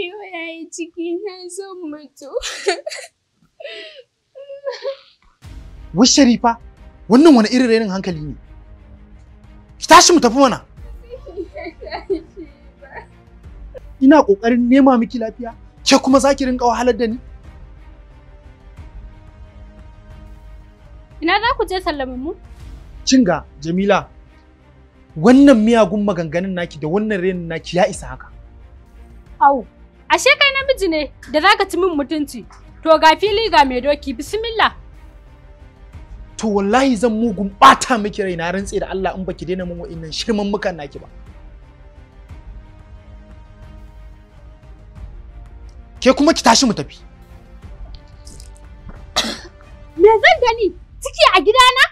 ciwo ya yi ciki na zan mutu. Wai Sharifa, wannan wani irin rainin hankali ne? Ki tashi mu tafi mana. Ina ƙoƙarin nema miki lafiya, ke kuma za ki rinƙa wahalar da ni? Ina za ku je sallamin mu? Cinga, Jamila, wannan miyagun maganganun naki da wannan renin naki ya isa haka. Au, Ashe kai namiji ne da zaka ci min mutunci. To ga fili ga mai doki bismillah. To wallahi zan mugun bata miki raina, na rantse da Allah in baki daina mun wa'innan shirman mukan naki ba. Ke kuma ki tashi mu tafi. Me zan gani? Ciki a gidana?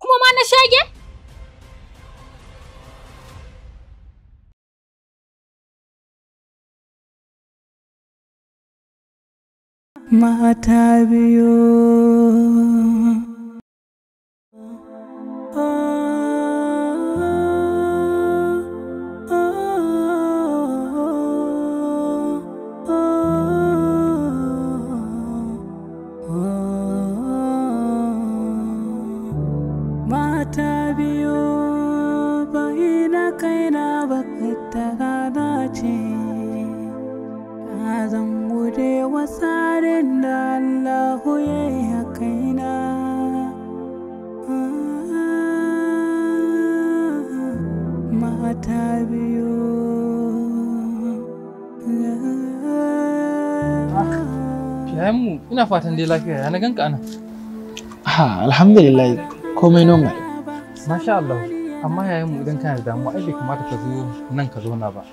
Kuma ma na shage? My you. Yayan mu ina fatan dai lafiya ya na ganka ana. Ha alhamdulillah komai normal. Masha Allah amma yayan mu idan kana da damuwa ai bai kamata ka zo nan ka zauna ba.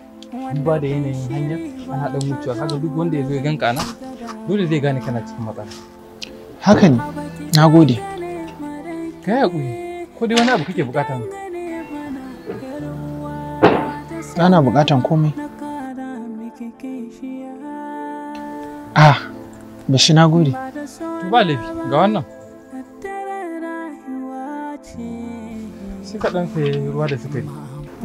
Duba da yanayin hanyar ana dan wucewa kaga duk wanda ya zo ya ganka ana dole zai gane kana cikin matsala. Haka ne na gode. Ka yi haƙuri ko dai wani abu kake bukata ne. Ana bukatan komai. Ah, da shi na gode to ba laifi ga wannan sai ka ɗan sayi ruwa da sukari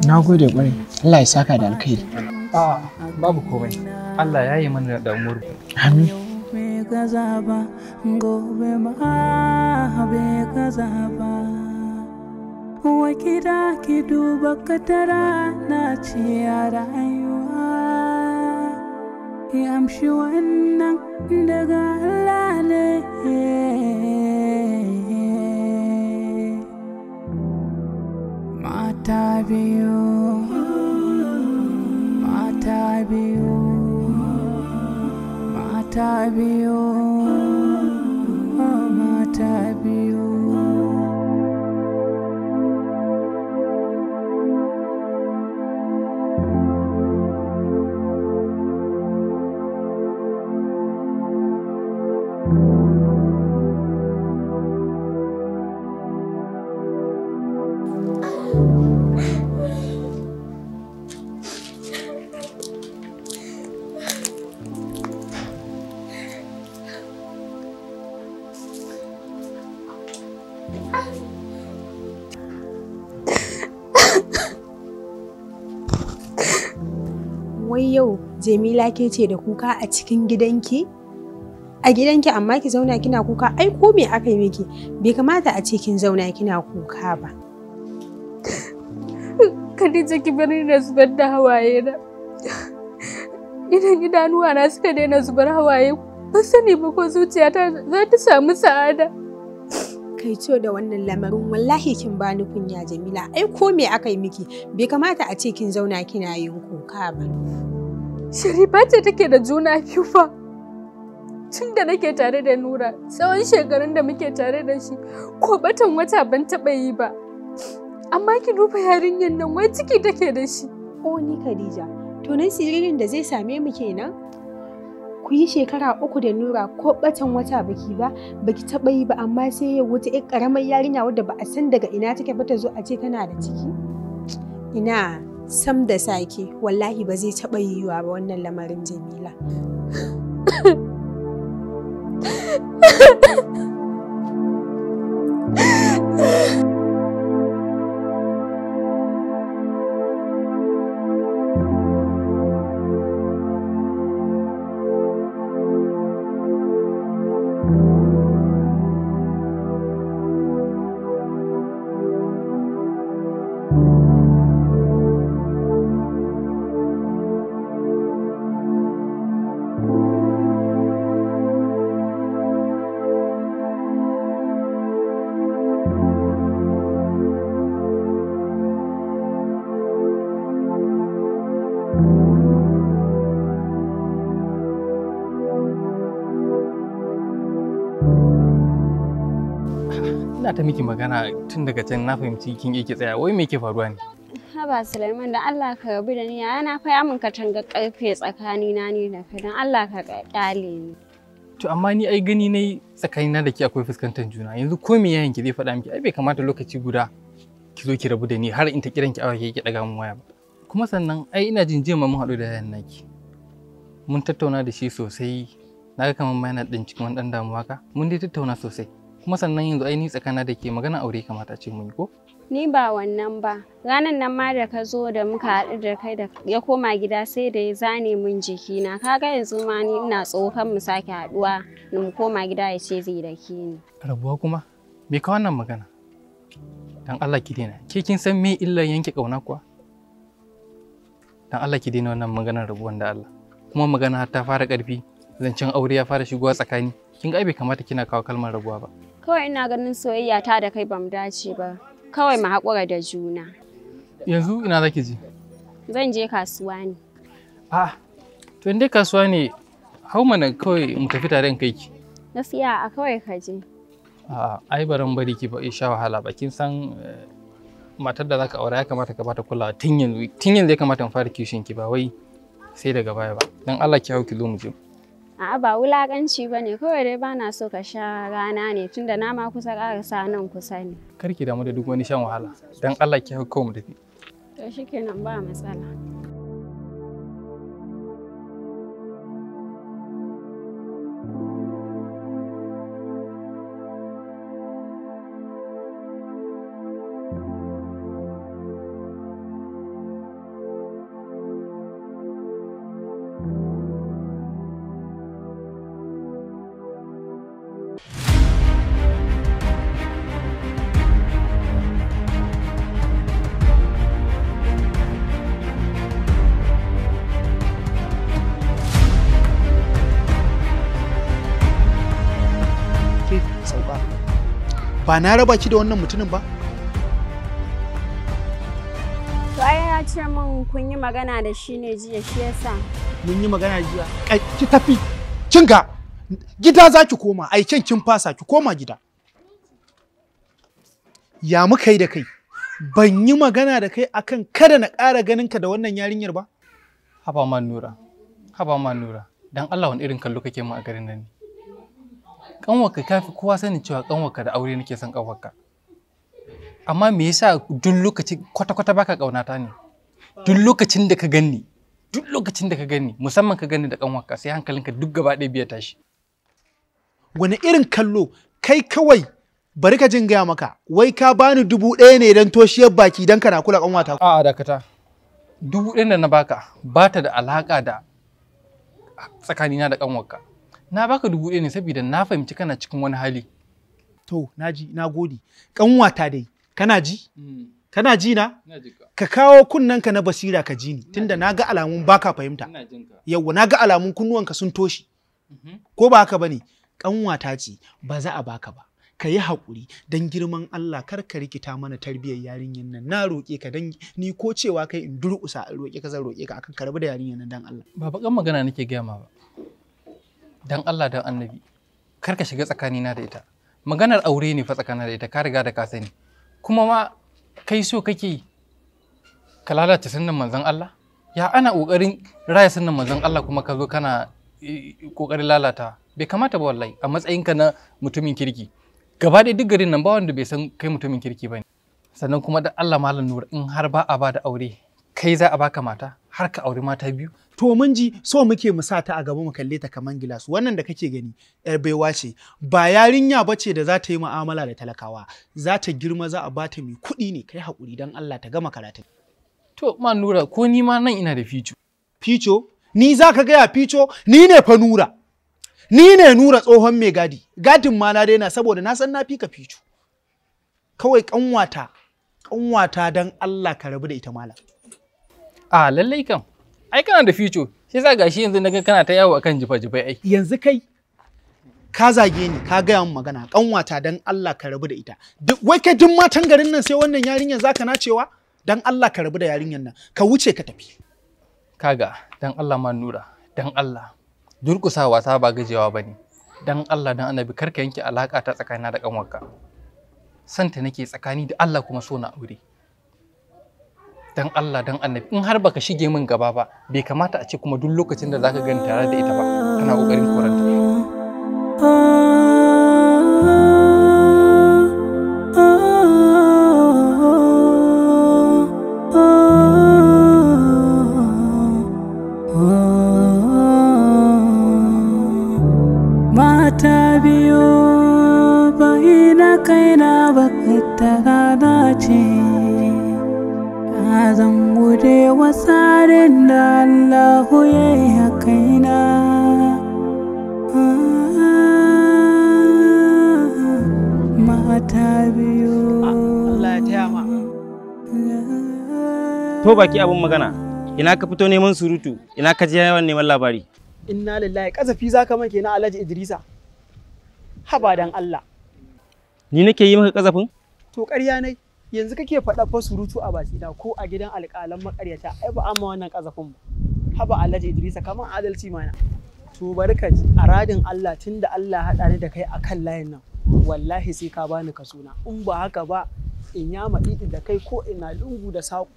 na gode ƙwarai Allah ya saka da alkhairi a babu komai Allah ya yi mana da damuwar amin gobe ma bai gaza ba wa gida ki duba katara na ce a yamshi wannan daga Allah ne mata biyu mata biyu mata biyu wai yau Jamila ke ce da kuka a cikin gidanki? A gidanki amma ki zauna kina kuka ai ko me aka yi miki bai kamata a ce kin zauna kina kuka ba. Khadija ki bari na zubar da hawaye na. Idan idanuwa na suka daina zubar hawaye ba sani ba ko zuciyata za ta samu sa'ada. kaito da wannan lamarin wallahi kin bani kunya Jamila ai ko me aka yi miki bai kamata a ce kin zauna kina yin kuka ba Sharifa ce take da juna biyu fa tun da nake tare da Nura tsawon shekarun da muke tare da shi ko batan wata ban taba yi ba amma ki duba yarinyar nan wai ciki take da shi Ko ni Khadija to nan siririn da zai same mu kenan ku yi shekara uku da nura ko batan wata baki ba baki taɓa yi ba amma sai ya wuce ƴar karamar yarinya wadda ba a san daga ina take ba ta zo a ce tana da ciki ina sam da sake wallahi ba zai taɓa yiwuwa ba wannan lamarin jamila Allah ta miki magana tun daga can na fahimci kin yake tsaya wai me yake faruwa ne haba Sulaiman da Allah ka rabu da ni yana fa ya mun tanga karfe tsakani na ne da kai Allah ka kyale ni to amma ni ai gani nayi tsakani na da ki akwai fuskantar juna yanzu ko me yayin ki zai faɗa miki ai bai kamata lokaci guda ki zo ki rabu da ni har in ta kiran ki awa ki daga mun waya ba kuma sannan ai ina jin jema mun haɗu da yayin naki mun tattauna da shi sosai naga kamar ma yana ɗin cikin wani ɗan damuwa ka mun dai tattauna sosai kuma sannan yanzu ai ni tsakana da ke magana aure kamata ce mun ko ni ba wannan ba ranan nan ma da ka zo da muka haɗu da kai da ya koma gida sai da ya zane min jikina kaga yanzu ma ni ina tsokan mu sake haɗuwa mu koma gida ya ce zai da ke ni rabuwa kuma me ka wannan magana dan Allah ki daina ke kin san me illar yanke kauna kuwa dan Allah ki daina wannan maganar rabuwan da Allah kuma magana ta fara ƙarfi zancen aure ya fara shigowa tsakani kin ga bai kamata kina kawo kalmar rabuwa ba Kawai ina ganin soyayya ta da kai bamu dace ba. Kawai mu haƙura da juna. Yanzu ina zaki je? Zan je kasuwa ne. Ah, to inda kasuwa ne hau mana kawai mu tafi tare in kai ki. Gaskiya a kawai ka je. A'a, ai baran bari ki ba sha wahala ba kin san eh, matar da zaka aura ya kamata ka bata kulawa tun yanzu tun yanzu ya kamata in fara kishin ki ba wai sai daga baya ba. Dan Allah ki hau ki zo mu je. A'a ba wulakanci ba ne kawai dai ba na so ka sha rana ne tunda na ma kusa ƙarasa nan kusa ne. Kar ki damu da duk wani shan wahala don Allah ki hau kawai mu tafi. To shikenan ba matsala. ba na raba ki da wannan mutumin ba to ai ya ce min kun yi magana da shi ne jiya shi yasa mun yi magana jiya ki tafi kinga gida za ki koma ai kin fasa ki koma gida ya muka yi da kai ban yi magana da kai akan kada na ƙara ganin ka da wannan yarinyar ba haba man nura haba man nura dan Allah wani irin kallo kake mu a garin nan ne kanwarka kafi kowa sanin cewa kanwarka da aure nake son kanwarka amma me yasa duk lokaci kwata-kwata baka ƙaunata ne duk lokacin da ka ganni duk lokacin da ka ganni musamman ka ganni da kanwarka sai hankalinka duk gaba ɗaya biya tashi wani irin kallo kai kawai bari ka jin gaya maka wai ka bani dubu ɗaya ne don toshiyar baki don kana kula ƙanwata. a'a dakata dubu ɗaya da na baka bata da alaka da tsakanina da kanwarka Na baka dubu ɗaya ne saboda na fahimci kana cikin wani hali. To, ji, na gode. Ƙanwata dai, kana ji? Mm. Kana ji na? Ka kawo kunnenka na basira ka ji ni, tunda na ga alamun baka fahimta. Yawwa, na ga alamun kunnuwanka sun toshi. Mm-hmm. Ko ba haka ba ne? Ƙanwata ce, ba za a baka ba. ka yi haƙuri don girman Allah kar ka rikita mana tarbiyyar yarinyar nan na roƙe ka don ni ko cewa kai in durƙusa in roƙe ka zan roƙe ka akan karbi da yarinyar nan don Allah. Ba baƙan magana nake gaya ma ba. dan Allah dan annabi kar ka shiga tsakani na da ita maganar aure ne fa tsakanin da ita ka riga da ka sani kuma ma kai so kake ka lalata sunnan manzon Allah ya ana kokarin raya sunnan manzon Allah kuma ka zo kana kokarin eh, lalata bai kamata ba wallahi a matsayinka na mutumin kirki gaba ɗaya duk garin nan ba wanda bai san kai mutumin kirki bane sannan kuma da Allah malam nur in har ba a ba da aure kai za a baka mata har ka auri mata biyu to mun ji so muke mu sa ta a gaba mu kalle ta kaman gilas wannan da kake gani yar baiwa ce ba yarinya bace da za ta yi mu'amala da talakawa za ta girma za a bata mai kuɗi ne kai hakuri dan Allah ta gama karatu to ma nura ko ni ma nan ina da fico fico ni za ka gaya fico ni ne fa nura ni ne nura tsohon mai gadi gadin ma na daina saboda na san na fi ka fico kawai kanwata kanwata dan Allah ka rabu da ita malam A ah, lallai kam. Ai kana da fico. Shi yasa gashi yanzu na ga kana ta yawo akan jifa-jifai ai. Yanzu kai ka zage ni ka gaya min magana kanwata dan Allah ka rabu da ita. Duk wai kai duk matan garin nan sai wannan yarinyar zaka na cewa dan Allah ka rabu da yarinyar nan ka wuce ka tafi. Kaga dan Allah ma nura dan Allah durkusawa ta ba gajewa bane. Dan Allah dan Annabi karka yanke alaka ta tsakanina da kanwarka. Santa nake tsakani da Allah kuma so na aure. dan Allah dan annabi in har baka shige min gaba ba bai kamata a ce kuma duk lokacin da zaka gani tare da ita ba kana kokarin koranta ko baki abin magana ina ka fito neman surutu ina ka je yawan neman labari inna lillahi kazafi zaka manke na Alhaji Idrisa haba dan Allah ni nake yi maka kazafin to ƙarya nai yanzu kake faɗa fa surutu a baki da ko a gidan alƙalan makaryata ai ba amma wannan kazafin ba haba Alhaji Idrisa kaman adalci mana to bari ka ji a radin Allah tunda Allah haɗa ni da kai akan layin nan wallahi sai ka bani kasuna in ba haka ba in ya maɗi da kai ko ina lungu da saƙo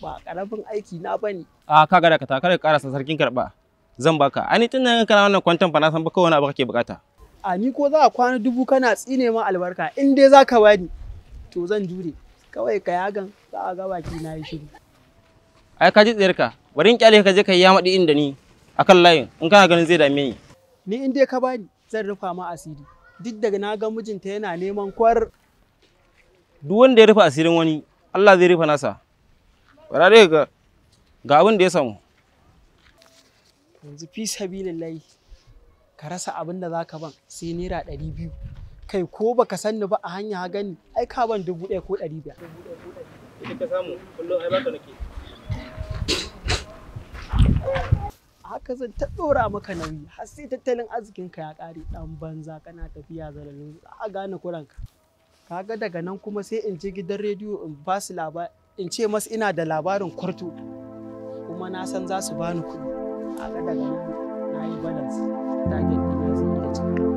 ba karamin aiki na bane a ka ga dakata kada ka karasa sarkin karba zan baka ani tun nan kana wannan kwantan fa na san ba wani abu kake bukata a ni ko za a kwana dubu kana tsine ma albarka in dai za ka bani to zan jure kawai ka yagan za a ga baki na yi shiru ai ka ji tsayarka bari in kyale ka je ka yi yamadi inda ni akan layin in kana ganin zai dame ni ni in dai ka bani zan rufa ma asiri duk daga na ga mijinta yana neman kwar duk wanda ya rufe asirin wani Allah zai rufe nasa bara dai ga ga abin da ya samu yanzu fi sabilillahi ka rasa abin da zaka ban sai naira ɗari biyu kai ko baka sanni ba a hanya ha gani ai ka ban dubu ɗaya ko ɗari biyar ka samu kullum ai baka nake haka zan ta ɗora maka nauyi har sai tattalin arzikinka ya ƙare ɗan banza kana tafiya zalalin za a gane kuranka ga daga nan kuma sai in je gidan rediyo in ba su labari in ce masu ina da labarin kwarto kuma na san za su bani kuɗi a daga na yi balance target ɗina zai iya cika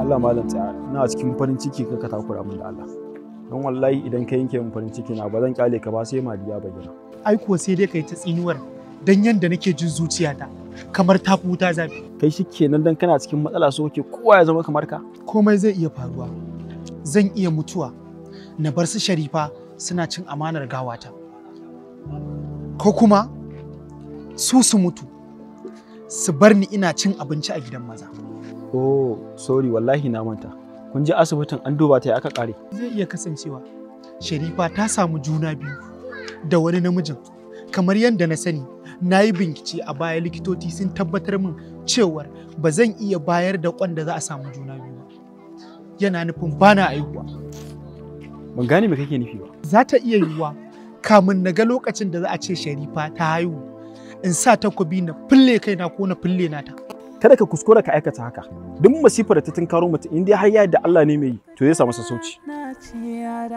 Allah malam tsaya ina cikin farin ciki ka takura min da Allah don wallahi idan ka yanke min farin ciki na ba zan kyale ka ba sai madiya bayyana ai kuwa sai dai kai ta tsinuwar dan yanda nake jin ta, kamar ta wuta zafi kai nan dan kana cikin matsala so kake kowa ya zama kamar ka komai zai iya faruwa zan iya mutuwa na bar su sharifa suna cin amanar gawata ko kuma su su mutu su bar ni ina cin abinci a gidan maza oh sorry wallahi na manta kun je asibitin an duba ta ya aka kare zai iya kasancewa sharifa ta samu juna biyu da wani namijin kamar yadda na sani na yi bincike a baya likitoci sun tabbatar min cewar ba zan iya bayar da kwan da za a samu juna biyu yana nufin bana aihuwa ban gane me kake nufi ba za ta iya yiwuwa kamun na ga lokacin da za a ce sharifa ta haihu in sa takobi na fille kaina ko na fille nata kada ka kuskura ka aikata haka duk masifar da ta tunkaro mutum in dai har ya da Allah ne mai yi to zai samu sassauci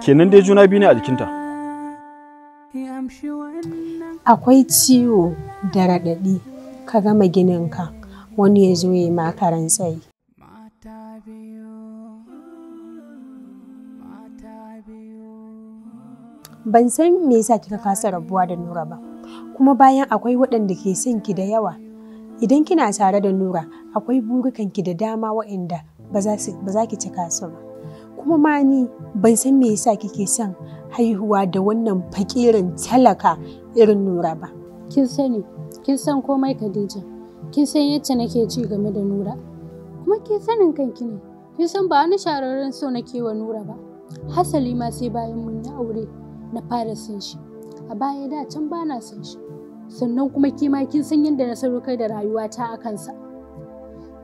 kenan dai juna biyu ne a jikinta akwai ciwo da raɗaɗi ka gama ginin ka wani ya zo ya yi makaran tsayi ban san me yasa kika kasa rabuwa da Nura ba kuma bayan akwai waɗanda ke son ki da yawa Idan kina tare da Nura, akwai burukanki da dama waɗanda ba za ki cika su ba. Kuma ma ni ban san me yasa kike son haihuwa da wannan fakirin talaka irin Nura ba. Kin sani, kin san komai Khadija. Kin san yacce nake ci game da Nura. Kuma ke sanin kanki ne. Kin san ba wani shararren so nake wa Nura ba. Hasali ma sai bayan mun yi aure na fara san shi. A baya da can bana na san shi. sannan kuma kima kin san yadda na kai da rayuwata a kansa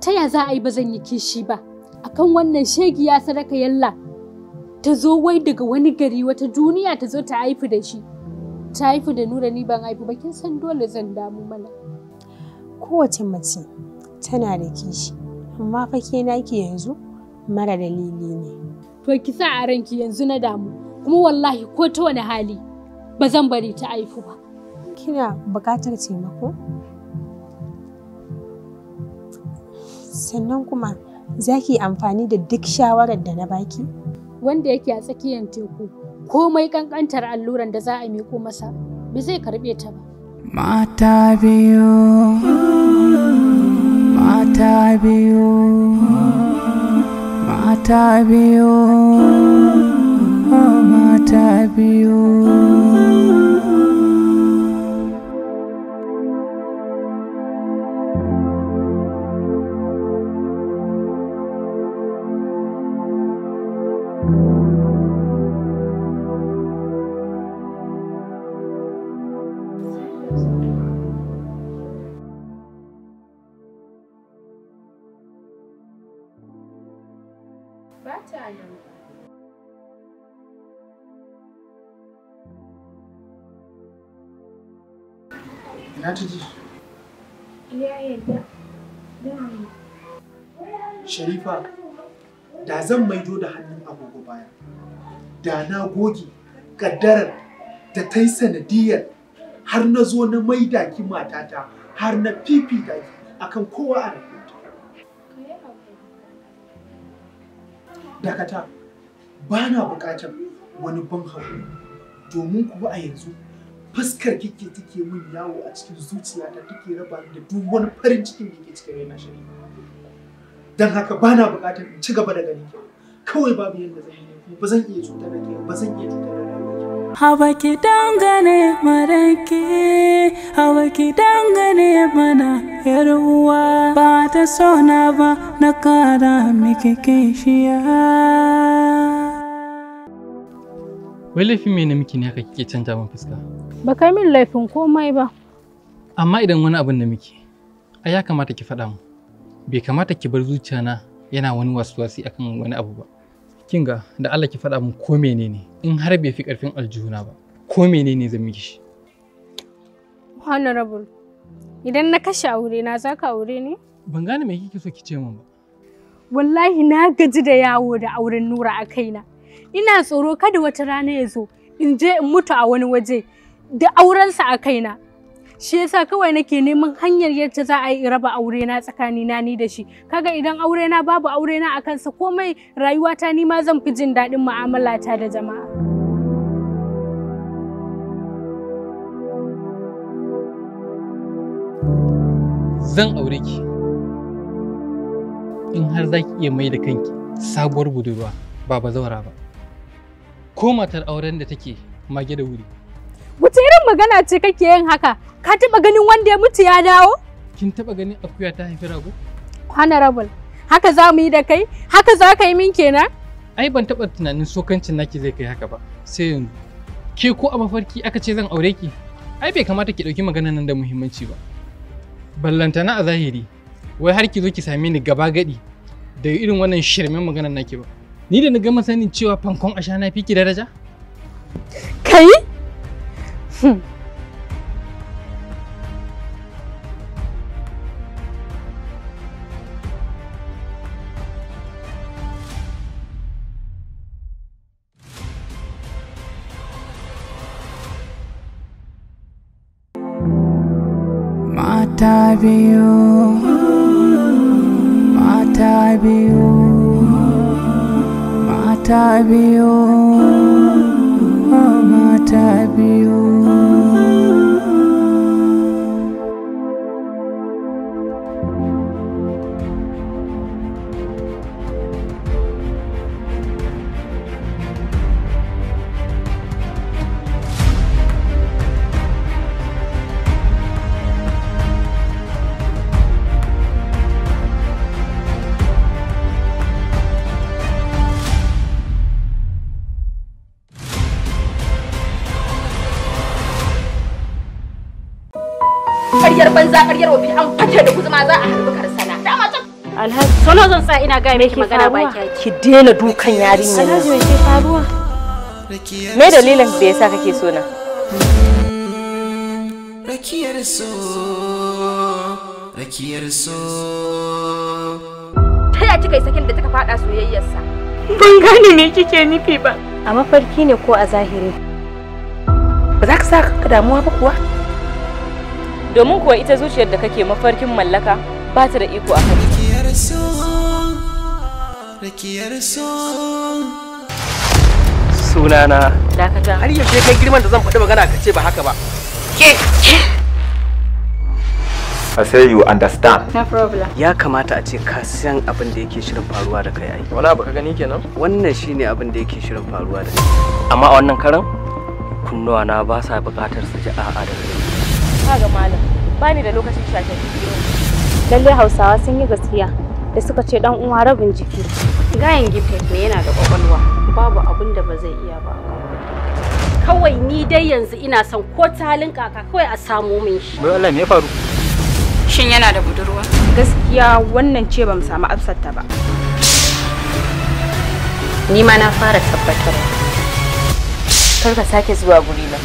ta ya za a yi bazan zan yi kishi ba akan wannan shegi ya sadaka yalla ta zo wai daga wani gari wata duniya ta zo ta haifi da shi ta haifi da nura ni ban haifi ba kin san dole zan damu mana kowace mace tana da kishi amma fa ke naki yanzu mara dalili ne to ki sa a ranki yanzu na damu kuma wallahi ko ta wani hali ba zan bari ta haifu ba kina buƙatar taimako sannan kuma za ki yi amfani da duk shawarar da na baki wanda yake a tsakiyar teku komai ƙanƙantar alluran da za a miko masa ba zai karɓe ta ba mata biyu mata biyu mata biyu mata biyu Sharifa, da zan maido da hannun agogo baya, da na goge kaddarar da ta yi sanadiyar har na zo na maida ki matata har na fifi da ki akan kowa a rayuwarta. Dakata, ba na bukatar wani ban haƙuri domin kuwa a yanzu fuskar kike take mun yawo a cikin zuciyata take raba da duk wani farin cikin da ke cikin raina shari'a. don haka ba na buƙatar in ci gaba da gani kawai babu yadda zan yi kuma ba zan iya cutar da ke ba zan iya cutar da ke hawa ki dangane maraki hawa ki dangane mana yar'uwa, ba ta sona ba na kara miki kishiya wai laifin me ne miki ne haka kike canja min fuska ba kai min laifin komai ba amma idan wani abin da miki ai ya kamata ki faɗa mu bai kamata ki bar zuciya na yana wani wasuwasi akan wani abu ba kin ga da Allah ki faɗa min ko menene in har bai fi ƙarfin aljihuna ba ko menene zan miki shi honorable idan na kashe aure na za ka aure ne ban gane me kike so ki ce min ba wallahi na gaji da yawo da auren nura a kaina ina tsoro kada wata rana ya zo in je in mutu a wani waje da aurensa a kaina shi yasa kawai nake neman hanyar yadda za a yi raba aure na tsakani na ni da shi kaga idan aure na babu aure na akan sa komai rayuwata ni ma zan fi jin daɗin mu'amala ta da jama'a zan aure ki in har za iya mai da kanki sabuwar budurwa ba zaura ba ko matar auren da take mage da wuri wace irin magana ce kake yin haka Ka taba ganin wanda ya mutu ya dawo? Kin taɓa ganin akuya ta haifi rago? Honorable, haka za mu yi da kai? Haka za ka yi min kenan? Ai ban taɓa tunanin sokancin naki zai kai haka ba. Sai yanzu. Ke ko a mafarki aka ce zan aure ki? Ai bai kamata ki ɗauki magana nan da muhimmanci ba. Ballantana a zahiri. Wai har ki zo ki same ni gaba gadi da irin wannan shirmen maganar naki ba. ni da na gama sanin cewa fankon na fiki daraja? Kai? mata biyu mata biyu mata biyu mata biyu Alhaji solo zan sa ina gaya miki magana ba ki daina dukan yarinya Alhaji me ke faruwa Me dalilin da yasa kake so na hmm, Rakiyar so Rakiyar so Ta ya kika yi sakin da taka faɗa soyayyarsa Ban gane me kike nufi ba A mafarki ne ko a zahiri Ba za ka sa ka damuwa ba kuwa Domin kuwa ita zuciyar da kake mafarkin mallaka ba ta da iko a kai rakiyar so sunana dakata har yaushe kai girman da zan faɗi magana ka ce ba haka ba ke I say you understand. No problem. Ya kamata a ce ka san abin da yake shirin faruwa da kai ai. Wala baka gani kenan? Wannan shine abin da yake shirin faruwa da kai. Amma a wannan karan kunnuwa na ba sa buƙatar su ji a'a da kai. Ka ga malam, bani da lokacin shashe. Lalle Hausawa sun yi gaskiya. da suka ce dan uwa rabin jiki gayan gifted ne yana da kwakwalwa babu abin da ba zai iya ba kawai ni dai yanzu ina son ko ta halin kaka kawai a samu min shi bai Allah me faru shin yana da budurwa gaskiya wannan ce bamu samu amsar ta ba ni ma na fara tabbatar kar ka sake zuwa guri na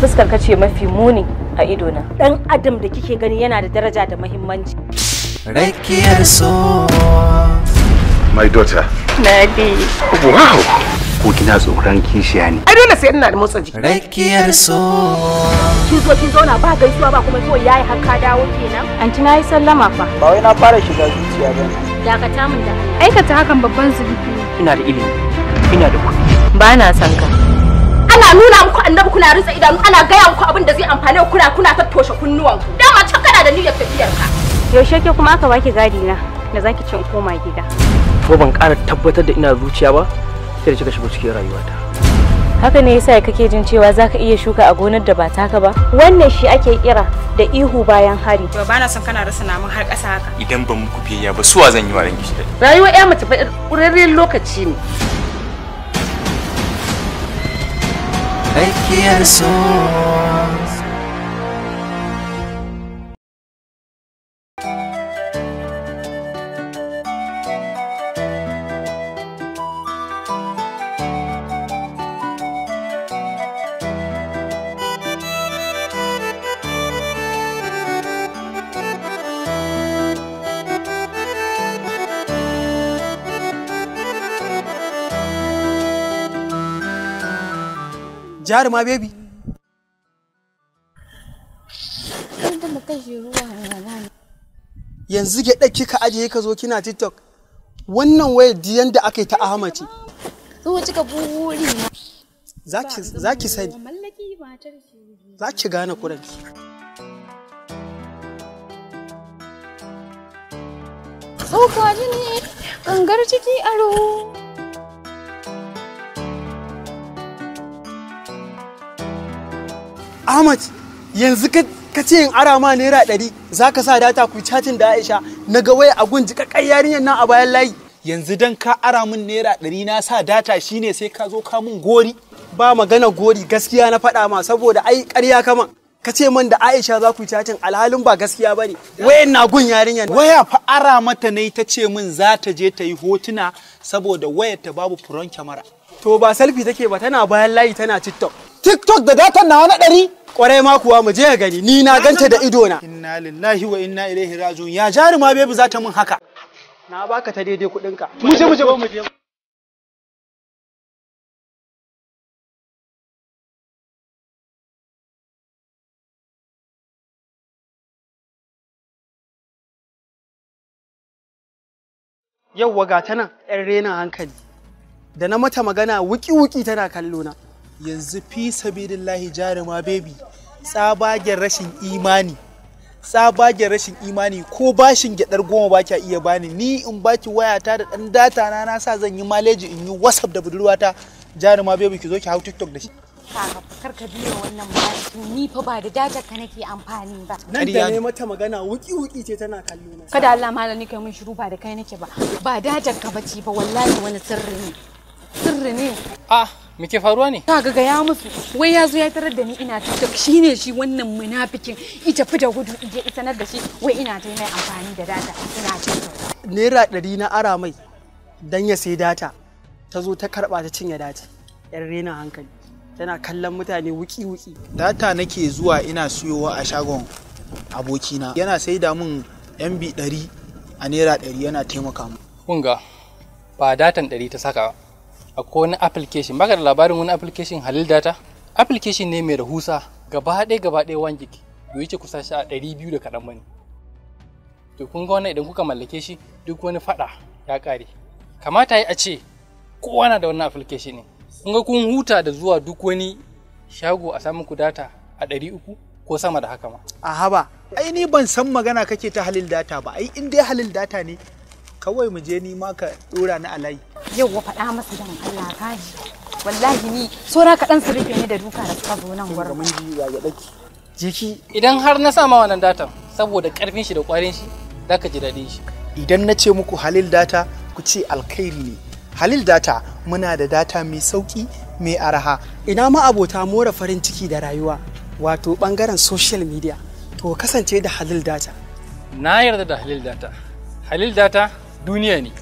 fuskar ka ce mafi muni a idona dan adam da kike gani yana da daraja da muhimmanci rakiyar so my daughter nadi oh, wow ko kina tsoron kishiya ne ai dole sai ina da motsa jiki rakiyar so kin zo kin zauna ba gaisuwa ba kuma zo yayi hanka dawo kenan anti na yi sallama fa ba wai na fara shiga zuciya ba dakata mun da aikata hakan babban zubi ina da ilimi ina da kuɗi ba na ka ana nuna muku annabi kuna rinsa idanu ana gaya muku abin da zai amfane ku kuna kuna toshe kunnuwanku dama cikin da niyyar tafiyar ka yaushe ke kuma aka baki gadi na da zaki cin koma gida ko ban ƙara tabbatar da ina zuciya ba sai da kika shigo cikin rayuwata haka ne yasa kake jin cewa zaka iya shuka a gonar da ba taka ba wannan shi ake kira da ihu bayan hari to bana son kana rasa namun har ƙasa haka idan ban muku biyayya ba suwa zan yi wa gishi shi rayuwar ya mace fa ƙurarren lokaci ne Thank you so jaruma baby yanzu ke ɗaki kika ajiye ka zo kina tiktok wannan wayar diyan da aka yi ta ahama ce ka za ki sani za ki gane kuranki tsoka jini gangar ciki aro Ahmad yanzu ka ce in ara ma naira ɗari za ka sa data ku cacin da Aisha na ga waya a gun jikakkar yarinyar nan a bayan layi. Yanzu dan ka ara mun naira ɗari na sa data shine sai ka zo ka mun gori. Ba magana gori gaskiya na faɗa ma saboda ai ƙarya kaman. Ka ce man da Aisha za ku cacin alhalin ba gaskiya ba ne. Wayan na gun yarinyar. Waya fa ara mata ne ta ce min za ta je ta yi hotuna saboda wayar ta babu furon kyamara. To ba selfie take ba tana bayan layi tana TikTok. tiktok da datan nawa na ɗari kwarai ma kuwa mu je gani ni na ganta da ido na inna lillahi wa inna ilaihi rajiun ya jaruma bebi za ta mun haka na baka ta daidai ka. mu je mu je mu je yauwa ga ta 'yan rena hankali da na mata magana wuki-wuki tana kallo na yanzu fi sabidillahi jarima bebi tsabagen rashin imani tsabagen rashin imani ko bashin gyadar goma ba kya iya bani ni in baki wayata da dan data na na sa zan yi maleji in yi whatsapp da budurwata jarima bebi ki zo ki hau tiktok da shi kar ka biyo wannan bayan ni fa ba da data ka nake amfani ba nan da ne mata magana wuki wuki ce tana kallo na kada Allah malami kai mun shiru ba da kai nake ba ba data ka bace ba wallahi wani sirri ne sirri ne ah me ke faruwa ne ka ga ya musu wai ya zo ya tarar da ni ina tiktok shine shi wannan munafikin ita fi da gudu in je sanar da shi wai ina ta mai amfani da data ina naira ɗari na ara mai dan ya sai data ta zo ta karba ta cinye data yan rena hankali tana kallon mutane wuki-wuki data nake zuwa ina siyowa a shagon abokina yana sai da mun mb 100 a naira 100 yana taimaka mu kunga ba datan 100 ta saka akwai wani application baka da labarin wani application halil data application ne mai rahusa gaba ɗaya gaba ɗaya wan gig bai ce kusa sha ɗari biyu da kaɗan bane to kun ga wannan idan kuka mallake shi duk wani faɗa ya ƙare kamata yi a ce kowa na da wannan application ne kun ga kun huta da zuwa duk wani shago a samu ku data a ɗari uku ko sama da haka ma a haba ai ni ban san magana kake ta halil data ba ai in dai halil data ne kawai mu je ni ma ka dora ni alai yau wa faɗa masa dan Allah kaji wallahi ni sora ka dan surfe ni da duka da suka zo nan gurin mun ji ya daki ki idan har na sama wannan datan saboda karfin shi da kwarin shi za ka ji daɗin shi idan na ce muku halil data ku ce alkhairi ne halil data muna da data mai sauki mai araha ina ma abota more farin ciki da rayuwa wato bangaren social media to kasance da halil data na yarda da halil data halil data duniya ne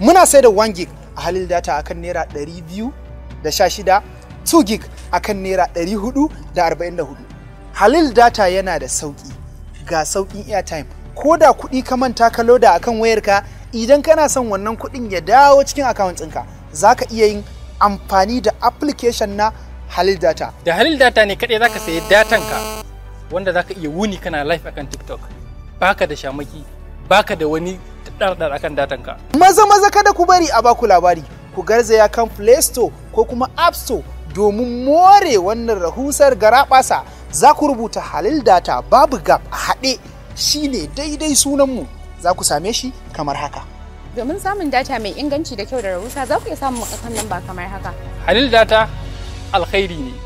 muna sai da 1 gig a halin data akan naira 216 2 gig akan naira 444 halil data yana da sauki ga saukin airtime ko da kuɗi ka manta ka loda akan wayarka idan kana son wannan kuɗin ya dawo cikin akawun ɗinka za ka iya yin amfani da application na halil data da halil data ne kaɗai za ka sayi datanka wanda za ka iya wuni kana live akan tiktok baka da shamaki baka da wani ɗarɗar akan datanka. Maza maza kada ku bari a baku labari, ku garzaya kan Play Store ko kuma App Store domin more wannan rahusar garaɓasa za ku rubuta Halil Data babu gap a haɗe ne daidai sunanmu za ku same shi kamar haka. Domin samun data mai inganci da kyau da rahusa za ku iya samun akan nan ba kamar haka. Halil Data alkhairi ne.